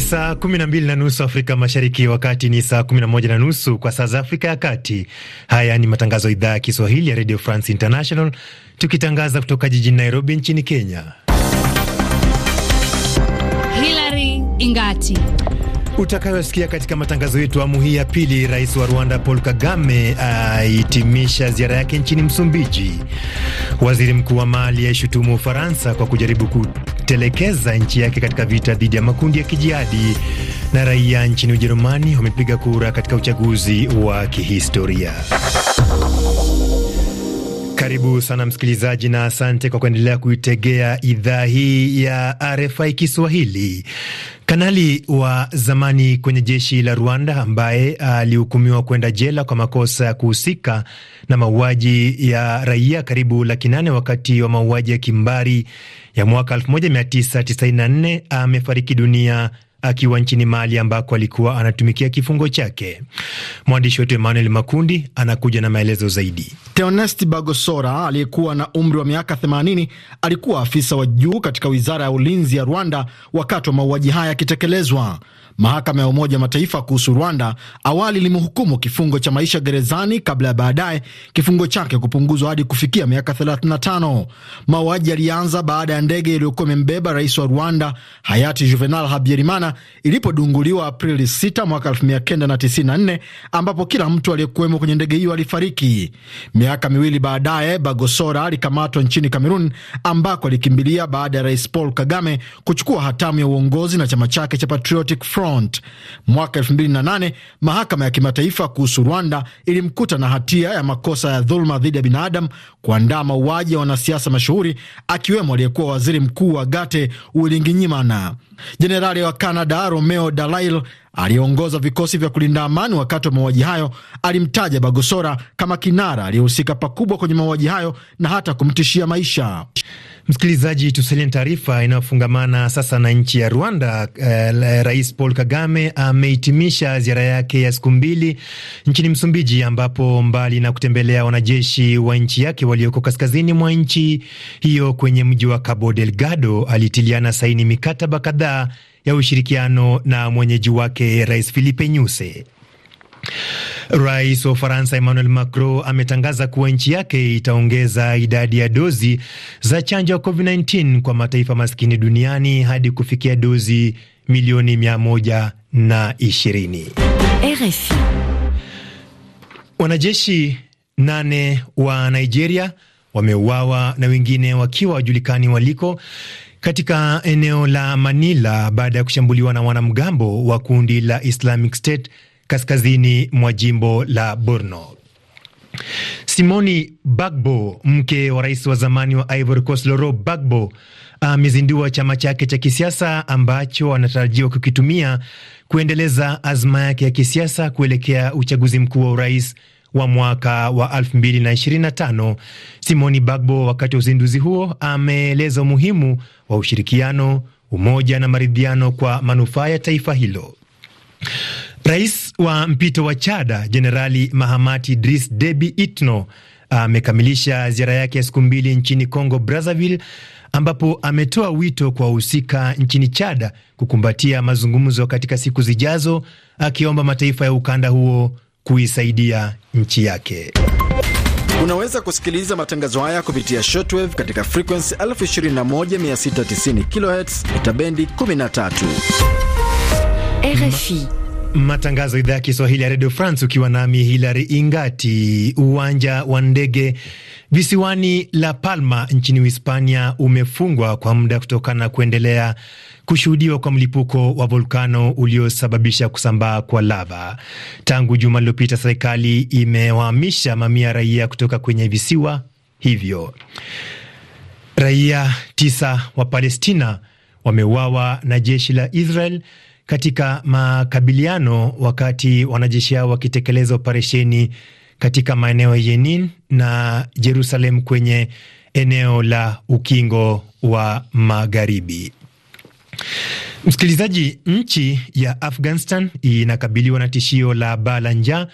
saa kumi na mbili na nusu Afrika Mashariki, wakati ni saa kumi na moja na nusu kwa saa za Afrika ya Kati. Haya ni matangazo ya idhaa ya Kiswahili ya Radio France International, tukitangaza kutoka jijini Nairobi nchini Kenya. Hilary Ingati utakayosikia katika matangazo yetu awamu hii ya pili. Rais wa Rwanda Paul Kagame aitimisha ziara yake nchini Msumbiji. Waziri mkuu wa Mali aishutumu Ufaransa kwa kujaribu kutelekeza nchi yake katika vita dhidi ya makundi ya kijihadi, na raia nchini Ujerumani wamepiga kura katika uchaguzi wa kihistoria. Karibu sana msikilizaji, na asante kwa kuendelea kuitegea idhaa hii ya RFI Kiswahili. Kanali wa zamani kwenye jeshi la Rwanda ambaye alihukumiwa kwenda jela kwa makosa ya kuhusika na mauaji ya raia karibu laki nane wakati wa mauaji ya kimbari ya mwaka 1994 amefariki dunia akiwa nchini Mali ambako alikuwa anatumikia kifungo chake. Mwandishi wetu Emmanuel Makundi anakuja na maelezo zaidi. Theonest Bagosora aliyekuwa na umri wa miaka 80 alikuwa afisa wa juu katika wizara ya ulinzi ya Rwanda wakati wa mauaji haya yakitekelezwa. Mahakama ya Umoja Mataifa kuhusu Rwanda awali ilimhukumu kifungo cha maisha gerezani kabla ya baadaye kifungo chake kupunguzwa hadi kufikia miaka 35. Mauaji yalianza baada ya ndege iliyokuwa imembeba rais wa Rwanda hayati Juvenal Habyarimana sana ilipodunguliwa Aprili 6 mwaka 1994 ambapo kila mtu aliyekuwemo kwenye ndege hiyo alifariki. Miaka miwili baadaye, Bagosora alikamatwa nchini Kamerun ambako alikimbilia baada ya Rais Paul Kagame kuchukua hatamu ya uongozi na chama chake cha Patriotic Front. Mwaka 2008 mahakama ya kimataifa kuhusu Rwanda ilimkuta na hatia ya makosa ya dhuluma dhidi ya binadamu, kuandaa mauaji ya wanasiasa mashuhuri akiwemo aliyekuwa waziri mkuu wa Gate Ulinginyimana. Jenerali wa Canada Romeo Dalail aliyeongoza vikosi vya kulinda amani wakati wa mauaji hayo alimtaja Bagosora kama kinara aliyehusika pakubwa kwenye mauaji hayo na hata kumtishia maisha. Msikilizaji, tusalie taarifa inayofungamana sasa na nchi ya Rwanda. Eh, Rais Paul Kagame amehitimisha ziara yake ya siku mbili nchini Msumbiji, ambapo mbali na kutembelea wanajeshi wa nchi yake walioko kaskazini mwa nchi hiyo kwenye mji wa Cabo Delgado, alitiliana saini mikataba kadhaa ya ushirikiano na mwenyeji wake Rais Filipe nyuse Rais wa Ufaransa Emmanuel Macron ametangaza kuwa nchi yake itaongeza idadi ya dozi za chanjo ya COVID-19 kwa mataifa maskini duniani hadi kufikia dozi milioni 120. RFI. Wanajeshi nane wa Nigeria wameuawa na wengine wakiwa wajulikani waliko katika eneo la Manila baada ya kushambuliwa na wanamgambo wa kundi la Islamic State kaskazini mwa jimbo la Borno. Simoni Bagbo, mke wa rais wa zamani wa Ivory Coast bagbo amezindua chama chake cha kisiasa ambacho anatarajiwa kukitumia kuendeleza azma yake ya kisiasa kuelekea uchaguzi mkuu wa urais wa mwaka wa 2025. Simoni Bagbo, wakati wa uzinduzi huo, ameeleza umuhimu wa ushirikiano, umoja na maridhiano kwa manufaa ya taifa hilo. Rais wa mpito wa Chada Jenerali Mahamati Idris Debi Itno amekamilisha ziara yake ya siku mbili nchini Congo Brazzaville, ambapo ametoa wito kwa wahusika nchini Chada kukumbatia mazungumzo katika siku zijazo, akiomba mataifa ya ukanda huo kuisaidia nchi yake. Unaweza kusikiliza matangazo haya kupitia shortwave katika frekuensi 21690 kHz ita bendi 13 RFI. Matangazo idhaa ya Kiswahili ya redio France, ukiwa nami Hilary Ingati. Uwanja wa ndege visiwani La Palma nchini Hispania umefungwa kwa muda kutokana na kuendelea kushuhudiwa kwa mlipuko wa volkano uliosababisha kusambaa kwa lava. Tangu juma lililopita, serikali imewahamisha mamia raia kutoka kwenye visiwa hivyo. Raia tisa wa Palestina wameuawa na jeshi la Israel katika makabiliano wakati wanajeshi hao wakitekeleza operesheni katika maeneo ya Jenin na Jerusalem kwenye eneo la ukingo wa Magharibi. Msikilizaji, nchi ya Afghanistan inakabiliwa na tishio la baa la njaa,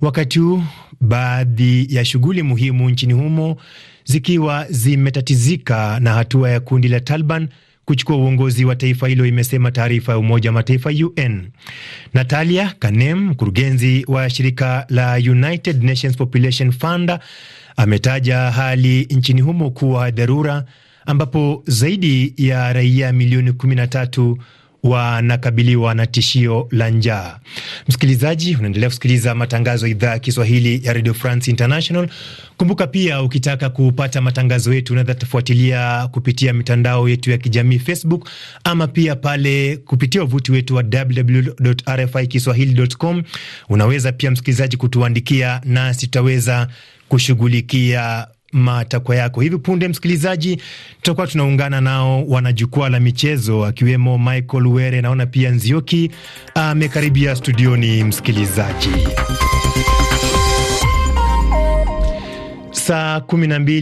wakati huu baadhi ya shughuli muhimu nchini humo zikiwa zimetatizika na hatua ya kundi la Taliban kuchukua uongozi wa taifa hilo, imesema taarifa ya Umoja wa Mataifa UN. Natalia Kanem, mkurugenzi wa shirika la United Nations Population Fund, ametaja hali nchini humo kuwa dharura, ambapo zaidi ya raia milioni 13 wanakabiliwa na tishio la njaa. Msikilizaji, unaendelea kusikiliza matangazo ya idhaa ya Kiswahili ya Radio France International. Kumbuka pia ukitaka kupata matangazo yetu unaweza tufuatilia kupitia mitandao yetu ya kijamii Facebook, ama pia pale kupitia uvuti wetu wa www.rfi kiswahili.com. Unaweza pia msikilizaji kutuandikia, nasi tutaweza kushughulikia matakwa yako. Hivi punde, msikilizaji, tutakuwa tunaungana nao wana jukwaa la michezo, akiwemo Michael Were, naona pia Nzioki ah, amekaribia studioni. Msikilizaji, saa kumi na mbili